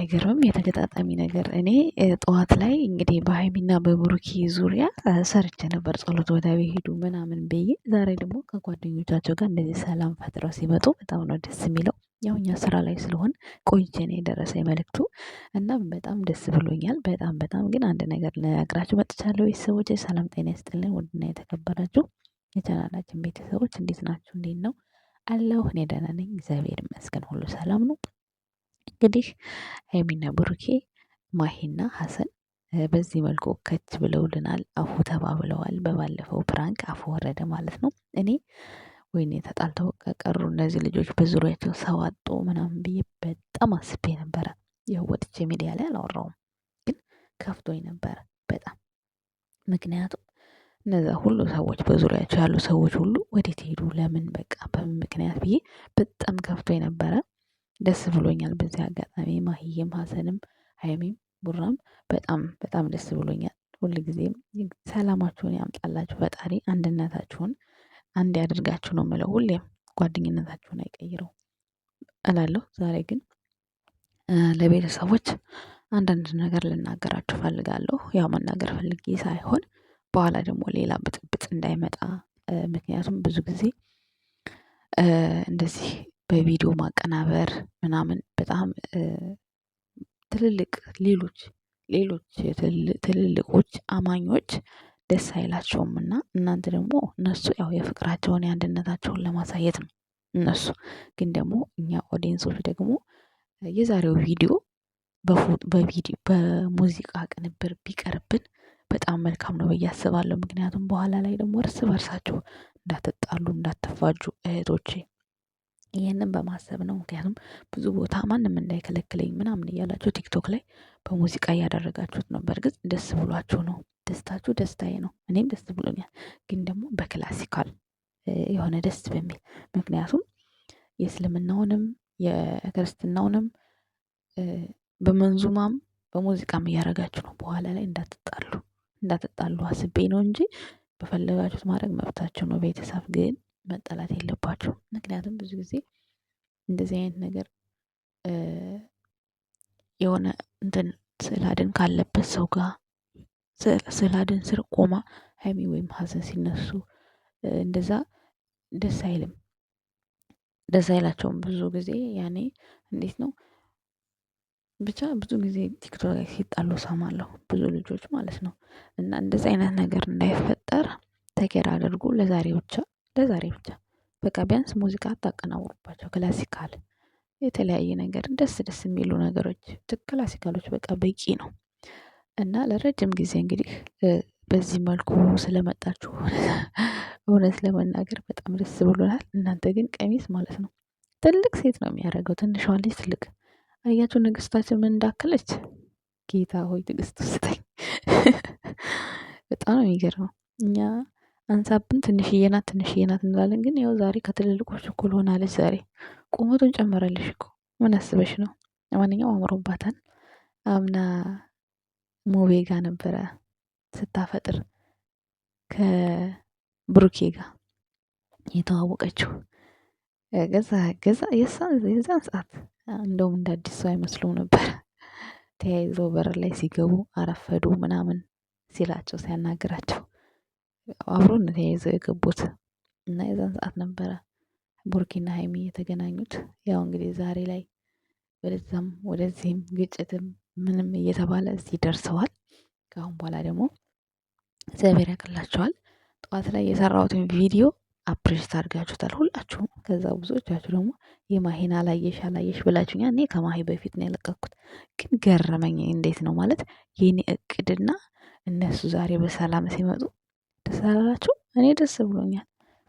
አይገርምም የተገጣጣሚ ነገር። እኔ ጠዋት ላይ እንግዲህ በሀይሚና በብሩኬ ዙሪያ ሰርቼ ነበር ጸሎት ቦታ ሄዱ ምናምን ብዬ። ዛሬ ደግሞ ከጓደኞቻቸው ጋር እንደዚህ ሰላም ፈጥረው ሲመጡ በጣም ነው ደስ የሚለው። ያው እኛ ስራ ላይ ስለሆን ቆይቼ ነው የደረሰ መልእክቱ እና በጣም ደስ ብሎኛል። በጣም በጣም ግን አንድ ነገር ልነግራችሁ መጥቻለሁ። ቤተሰቦች ሰላም ጤና ይስጥልን። ውድና የተከበራችሁ የቻናላችን ቤተሰቦች እንዴት ናችሁ? እንዴት ነው አለሁ እኔ ደህና ነኝ፣ እግዚአብሔር ይመስገን። ሁሉ ሰላም ነው። እንግዲህ ሀይሚና ብሩኬ ማሂና ሀሰን በዚህ መልኩ ከች ብለውልናል። አፉ ተባብለዋል። በባለፈው ፕራንክ አፉ ወረደ ማለት ነው። እኔ ወይኔ ተጣልተው ቀሩ እነዚህ ልጆች በዙሪያቸው ሰው አጡ ምናምን ብዬ በጣም አስቤ ነበረ። ያው ወጥቼ ሚዲያ ላይ አላወራውም፣ ግን ከፍቶኝ ነበረ በጣም ምክንያቱም እነዛ ሁሉ ሰዎች በዙሪያቸው ያሉ ሰዎች ሁሉ ወዴት ሄዱ፣ ለምን፣ በቃ በምን ምክንያት ብዬ በጣም ከፍቶ ነበረ? ደስ ብሎኛል። በዚህ አጋጣሚ ማህየም፣ ሀሰንም ሀይሚም ቡራም በጣም በጣም ደስ ብሎኛል። ሁል ጊዜም ሰላማችሁን ያምጣላችሁ ፈጣሪ፣ አንድነታችሁን አንድ ያደርጋችሁ ነው የምለው። ሁሌም ጓደኝነታችሁን አይቀይረው እላለሁ። ዛሬ ግን ለቤተሰቦች አንዳንድ ነገር ልናገራችሁ ፈልጋለሁ። ያው መናገር ፈልጌ ሳይሆን በኋላ ደግሞ ሌላ ብጥብጥ እንዳይመጣ ምክንያቱም ብዙ ጊዜ እንደዚህ በቪዲዮ ማቀናበር ምናምን በጣም ትልልቅ ሌሎች ሌሎች ትልልቆች አማኞች ደስ አይላቸውም እና እናንተ ደግሞ እነሱ ያው የፍቅራቸውን የአንድነታቸውን ለማሳየት ነው እነሱ ግን ደግሞ እኛ ኦዲየንሶች ደግሞ የዛሬው ቪዲዮ በቪዲዮ በሙዚቃ ቅንብር ቢቀርብን በጣም መልካም ነው ብዬ አስባለሁ። ምክንያቱም በኋላ ላይ ደግሞ እርስ በርሳችሁ እንዳትጣሉ እንዳትፋጁ እህቶቼ ይሄንን በማሰብ ነው። ምክንያቱም ብዙ ቦታ ማንም እንዳይከለክለኝ ምናምን እያላችሁ ቲክቶክ ላይ በሙዚቃ እያደረጋችሁት ነው። በእርግጥ ደስ ብሏችሁ ነው፣ ደስታችሁ ደስታዬ ነው፣ እኔም ደስ ብሎኛል። ግን ደግሞ በክላሲካል የሆነ ደስ በሚል ምክንያቱም የእስልምናውንም የክርስትናውንም በመንዙማም በሙዚቃም እያደረጋችሁ ነው። በኋላ ላይ እንዳትጣሉ እንዳትጣሉ አስቤ ነው እንጂ በፈለጋችሁት ማድረግ መብታችሁ ነው። ቤተሰብ ግን መጠላት የለባቸው ምክንያቱም ብዙ ጊዜ እንደዚህ አይነት ነገር የሆነ እንትን ስዕል ካለበት ሰው ጋር ስዕል ስር ቆማ ሀይሚ ወይም ሀዘን ሲነሱ እንደዛ ደስ አይልም፣ ደስ አይላቸውም። ብዙ ጊዜ ያኔ እንዴት ነው ብቻ ብዙ ጊዜ ቲክቶክ ላይ ሲጣሉ ሰማለሁ፣ ብዙ ልጆች ማለት ነው። እና እንደዚህ አይነት ነገር እንዳይፈጠር ተኬር አድርጉ። ለዛሬ ብቻ ለዛሬ ብቻ በቃ ቢያንስ ሙዚቃ አታቀናውሩባቸው ክላሲካል የተለያየ ነገር ደስ ደስ የሚሉ ነገሮች ክላሲካሎች በቃ በቂ ነው። እና ለረጅም ጊዜ እንግዲህ በዚህ መልኩ ስለመጣችሁ እውነት ለመናገር በጣም ደስ ብሎናል። እናንተ ግን ቀሚስ ማለት ነው ትልቅ ሴት ነው የሚያደርገው ትንሿ ልጅ ትልቅ አያችሁ ንግስታችን ምን እንዳከለች ጌታ ሆይ ትዕግስት ውስጠኝ። በጣም ነው የሚገርመው እኛ አንሳብን ትንሽዬ ናት ትንሽዬ ናት እንላለን። ግን ያው ዛሬ ከትልልቆች እኩል ሆናለች። ዛሬ ቁመቱን ጨመረልሽ እኮ ምን አስበሽ ነው? ለማንኛውም አምሮባታል። አምና ሙቤ ጋ ነበረ ስታፈጥር ከብሩኬ ጋር የተዋወቀችው ገዛ ገዛ የዛን ሰዓት እንደውም እንደ አዲስ ሰው አይመስሉም ነበር። ተያይዘው በር ላይ ሲገቡ አረፈዱ ምናምን ሲላቸው ሲያናግራቸው አብሮን ተያይዘው የገቡት እና የዛን ሰዓት ነበረ ቡርኪና ሀይሚ የተገናኙት። ያው እንግዲህ ዛሬ ላይ ወደዛም ወደዚህም ግጭትም ምንም እየተባለ እዚህ ደርሰዋል። ከአሁን በኋላ ደግሞ እግዚአብሔር ያቅላቸዋል። ጠዋት ላይ የሰራሁትን ቪዲዮ አፕሬሽት አድርጋችሁታል ሁላችሁም። ከዛ ብዙዎቻችሁ ደግሞ የማሄን አላየሽ አላየሽ ብላችሁኛ። እኔ ከማሄ በፊት ነው ያለቀኩት፣ ግን ገረመኝ። እንዴት ነው ማለት የኔ እቅድና እነሱ ዛሬ በሰላም ሲመጡ ደስ አላላችሁ? እኔ ደስ ብሎኛል።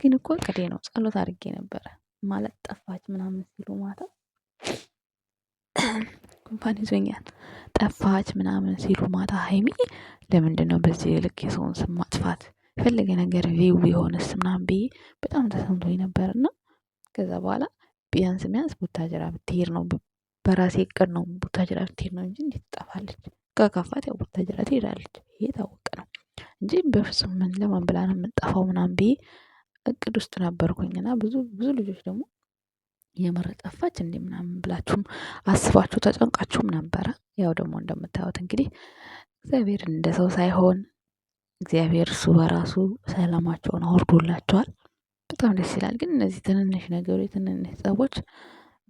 ግን እኮ ቅዴ ነው ጸሎት አድርጌ ነበረ ማለት ጠፋች ምናምን ሲሉ ማታ ጉንፋን ይዞኛል ጠፋች ምናምን ሲሉ ማታ ሀይሚ ለምንድነው በዚህ ልክ የሰውን ስም ማጥፋት የፈለገ ነገር ቪው የሆነስ ምናምን ብዬ በጣም ተሰምቶኝ ነበር። እና ከዛ በኋላ ቢያንስ ቢያንስ ቡታጅራ ብትሄድ ነው በራሴ እቅድ ነው ቡታጅራ ብትሄድ ነው እንጂ እንዴት ትጠፋለች? ከከፋት ያው ቡታጅራ ትሄዳለች። ይሄ ታወቀ ነው። እንጂ በፍጹም ምን ለማን ብላ ነው የምንጠፋው ምናምን ብዬ እቅድ ውስጥ ነበርኩኝና ብዙ ብዙ ልጆች ደግሞ የምር ጠፋች እንዴ ምናምን ብላችሁም አስባችሁ ተጨንቃችሁም ነበረ። ያው ደግሞ እንደምታዩት እንግዲህ እግዚአብሔር እንደ ሰው ሳይሆን እግዚአብሔር እሱ በራሱ ሰላማቸውን አውርዶላቸዋል። በጣም ደስ ይላል። ግን እነዚህ ትንንሽ ነገሮች ትንንሽ ጸቦች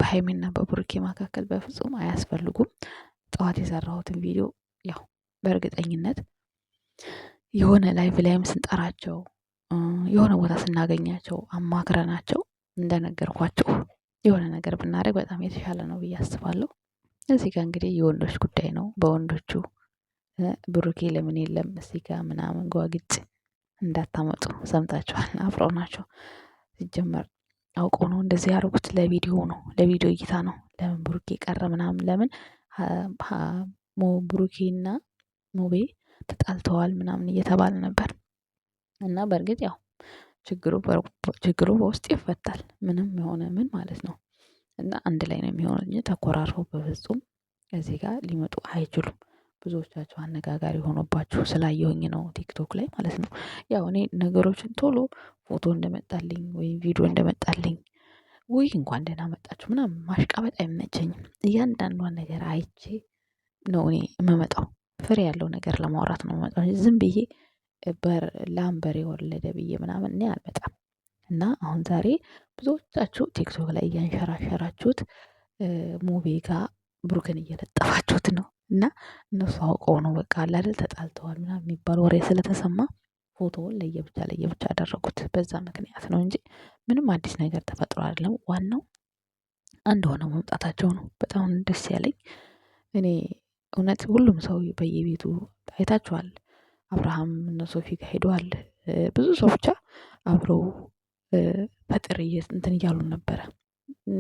በሀይሜና በቡርኬ መካከል በፍጹም አያስፈልጉም። ጠዋት የሰራሁትን ቪዲዮ ያው በእርግጠኝነት የሆነ ላይቭ ላይም ስንጠራቸው የሆነ ቦታ ስናገኛቸው አማክረናቸው እንደነገርኳቸው የሆነ ነገር ብናደርግ በጣም የተሻለ ነው ብዬ አስባለሁ። እዚህ ጋር እንግዲህ የወንዶች ጉዳይ ነው። በወንዶቹ ብሩኬ ለምን የለም እዚህ ጋር ምናምን ጓግጭ እንዳታመጡ ሰምታችኋል። አፍረው ናቸው ሲጀመር አውቀው ነው እንደዚህ ያደረጉት። ለቪዲዮ ነው ለቪዲዮ እይታ ነው። ለምን ብሩኬ ቀረ ምናምን ለምን ብሩኬና ሙቤ ተጣልተዋል ምናምን እየተባለ ነበር። እና በእርግጥ ያው ችግሩ በውስጥ ይፈታል ምንም የሆነ ምን ማለት ነው። እና አንድ ላይ ነው የሚሆነው እንጂ ተኮራርፈው በፍጹም እዚህ ጋር ሊመጡ አይችሉም። ብዙዎቻችሁ አነጋጋሪ ሆኖባችሁ ስላየሁኝ ነው ቲክቶክ ላይ ማለት ነው። ያው እኔ ነገሮችን ቶሎ ፎቶ እንደመጣልኝ ወይም ቪዲዮ እንደመጣልኝ ውይ እንኳን ደህና መጣችሁ ምናምን ማሽቃበጥ አይመቸኝም። እያንዳንዷን ነገር አይቼ ነው እኔ የምመጣው ፍሬ ያለው ነገር ለማውራት ነው የምመጣው። ዝም ብዬ በር ላም በሬ የወለደ ብዬ ምናምን እኔ አልመጣም። እና አሁን ዛሬ ብዙዎቻችሁ ቲክቶክ ላይ እያንሸራሸራችሁት ሙቤ ጋ ብሩክን እየለጠፋችሁት ነው። እና እነሱ አውቀው ነው በቃ አለ ተጣልተዋል ምናምን የሚባል ወሬ ስለተሰማ ፎቶውን ለየብቻ ለየብቻ አደረጉት። በዛ ምክንያት ነው እንጂ ምንም አዲስ ነገር ተፈጥሮ አይደለም። ዋናው አንድ ሆነው መምጣታቸው ነው። በጣም ደስ ያለኝ እኔ እውነት ሁሉም ሰው በየቤቱ አይታችኋል። አብርሃም እነ ሶፊ ጋር ሄደዋል። ብዙ ሰው ብቻ አብረው ፈጥር እንትን እያሉ ነበረ።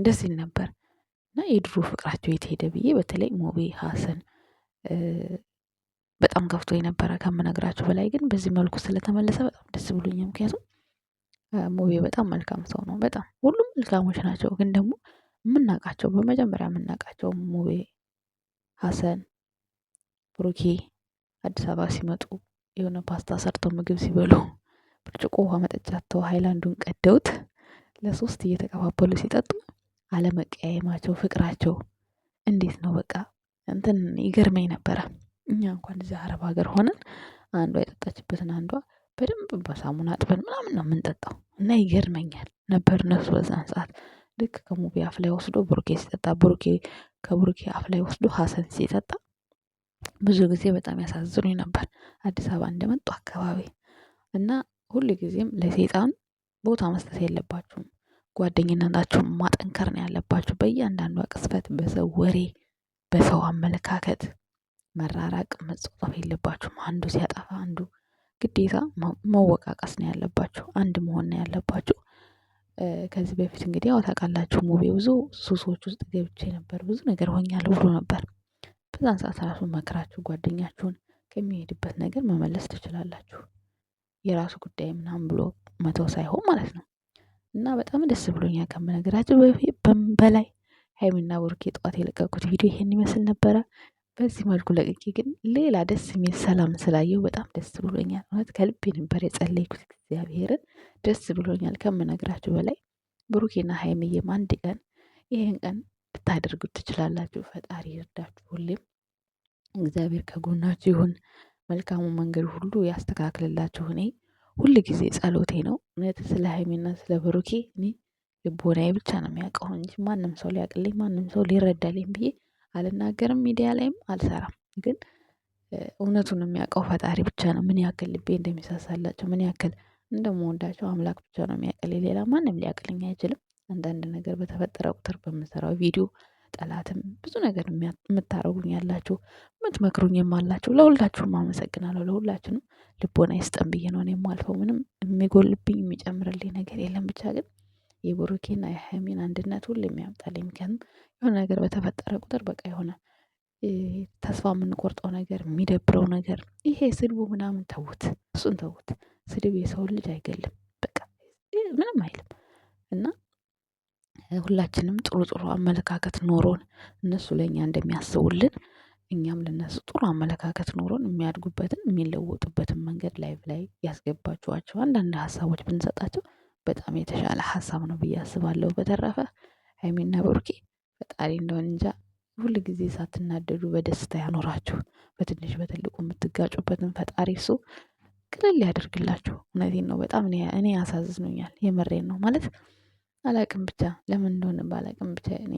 ደስ ይል ነበር እና የድሮ ፍቅራቸው የት ሄደ ብዬ በተለይ ሞቤ ሀሰን በጣም ከፍቶ የነበረ ከምነግራቸው በላይ ግን በዚህ መልኩ ስለተመለሰ በጣም ደስ ብሉኝ ምክንያቱም ሞቤ በጣም መልካም ሰው ነው። በጣም ሁሉም መልካሞች ናቸው። ግን ደግሞ የምናውቃቸው በመጀመሪያ የምናውቃቸው ሞቤ ሀሰን ብሩኬ አዲስ አበባ ሲመጡ የሆነ ፓስታ ሰርተው ምግብ ሲበሉ ብርጭቆ ውሃ መጠጫተው ሃይላንዱን ቀደውት ለሶስት እየተቀባበሉ ሲጠጡ አለመቀያየማቸው ፍቅራቸው እንዴት ነው! በቃ እንትን ይገርመኝ ነበረ። እኛ እንኳን እዚህ አረብ ሀገር ሆነን አንዷ የጠጣችበትን አንዷ በደንብ በሳሙና አጥበን ምናምን ነው የምንጠጣው እና ይገርመኛል ነበር እነሱ በዛን ሰዓት ልክ ከሙቢ አፍ ላይ ወስዶ ብሩኬ ሲጠጣ ብሩኬ ከብሩኬ አፍ ላይ ወስዶ ሀሰን ሲጠጣ ብዙ ጊዜ በጣም ያሳዝኑኝ ነበር አዲስ አበባ እንደመጡ አካባቢ እና ሁል ጊዜም ለሴጣን ቦታ መስጠት የለባችሁም። ጓደኝነታችሁን ማጠንከር ነው ያለባችሁ በእያንዳንዷ ቅስፈት በሰው ወሬ በሰው አመለካከት መራራቅ መጻጻፍ የለባችሁም። አንዱ ሲያጠፋ አንዱ ግዴታ መወቃቀስ ነው ያለባችሁ አንድ መሆን ነው ያለባችሁ። ከዚህ በፊት እንግዲህ ያው ታውቃላችሁ ሙቤ ብዙ ሱሶች ውስጥ ገብቼ ነበር ብዙ ነገር ሆኛለሁ ብሎ ነበር በዛን ሰዓት ራሱ መክራችሁ ጓደኛችሁን ከሚሄድበት ነገር መመለስ ትችላላችሁ። የራሱ ጉዳይ ምናምን ብሎ መተው ሳይሆን ማለት ነው። እና በጣም ደስ ብሎኛል ከምነግራችሁ በላይ ሀይሚና ብሩኬ ጠዋት የለቀቁት ቪዲዮ ይሄን ይመስል ነበረ። በዚህ መልኩ ለቅቄ ግን ሌላ ደስ የሚል ሰላም ስላየው በጣም ደስ ብሎኛል። እውነት ከልቤ ነበር የጸለይኩት እግዚአብሔርን ደስ ብሎኛል ከምነግራችሁ በላይ። ብሩኬና ሀይምዬም አንድ ቀን ይህን ቀን ልታደርጉት ትችላላችሁ። ፈጣሪ ይርዳችሁ ሁሌም እግዚአብሔር ከጎናችሁ ይሁን። መልካሙ መንገድ ሁሉ ያስተካክልላችሁ። እኔ ሁል ጊዜ ጸሎቴ ነው። እውነት ስለ ሀይሜና ስለ ብሩኬ እኔ ልቦናዬ ብቻ ነው የሚያውቀው እንጂ ማንም ሰው ሊያቅልኝ ማንም ሰው ሊረዳልኝ ብዬ አልናገርም። ሚዲያ ላይም አልሰራም። ግን እውነቱን የሚያውቀው ፈጣሪ ብቻ ነው። ምን ያክል ልቤ እንደሚሳሳላቸው ምን ያክል እንደምወዳቸው አምላክ ብቻ ነው የሚያቅልኝ። ሌላ ማንም ሊያቅልኝ አይችልም። አንዳንድ ነገር በተፈጠረ ቁጥር በምሰራው ቪዲዮ ጠላትም ብዙ ነገር የምታረጉኝ ያላችሁ የምትመክሩኝም የማላችሁ ለሁላችሁም አመሰግናለሁ። ለሁላችሁንም ልቦና ይስጠን ብዬ ነው የማልፈው። ምንም የሚጎልብኝ የሚጨምርልኝ ነገር የለም። ብቻ ግን የብሩኬና የሃይሜን አንድነት ሁሉ የሚያምጣልኝ ምክንያቱም የሆነ ነገር በተፈጠረ ቁጥር በቃ የሆነ ተስፋ የምንቆርጠው ነገር የሚደብረው ነገር ይሄ ስድቡ ምናምን ተዉት፣ እሱን ተዉት። ስድብ የሰውን ልጅ አይገልም፣ በቃ ምንም አይልም እና ሁላችንም ጥሩ ጥሩ አመለካከት ኖሮን እነሱ ለእኛ እንደሚያስቡልን እኛም ለነሱ ጥሩ አመለካከት ኖሮን የሚያድጉበትን የሚለወጡበትን መንገድ ላይቭ ላይ ያስገባችኋቸው አንዳንድ ሀሳቦች ብንሰጣቸው በጣም የተሻለ ሀሳብ ነው ብዬ አስባለሁ። በተረፈ አይሜና ብሩኬ ፈጣሪ እንደሆን እንጃ ሁል ጊዜ ሳትናደዱ በደስታ ያኖራችሁ። በትንሽ በትልቁ የምትጋጩበትን ፈጣሪ እሱ ቅልል ያደርግላችሁ። እውነቴን ነው። በጣም እኔ ያሳዝኑኛል። የመሬን ነው ማለት አላቅም ብቻ ለምን እንደሆነ ባላውቅም ብቻ እኔ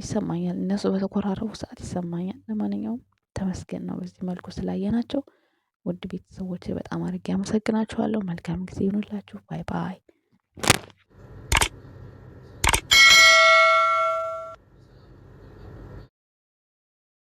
ይሰማኛል እነሱ በተኮራረቡ ሰዓት ይሰማኛል። ለማንኛውም ተመስገን ነው በዚህ መልኩ ስላየናቸው። ውድ ቤተሰቦች በጣም አድርጌ አመሰግናችኋለሁ። መልካም ጊዜ ይሁንላችሁ። ባይ ባይ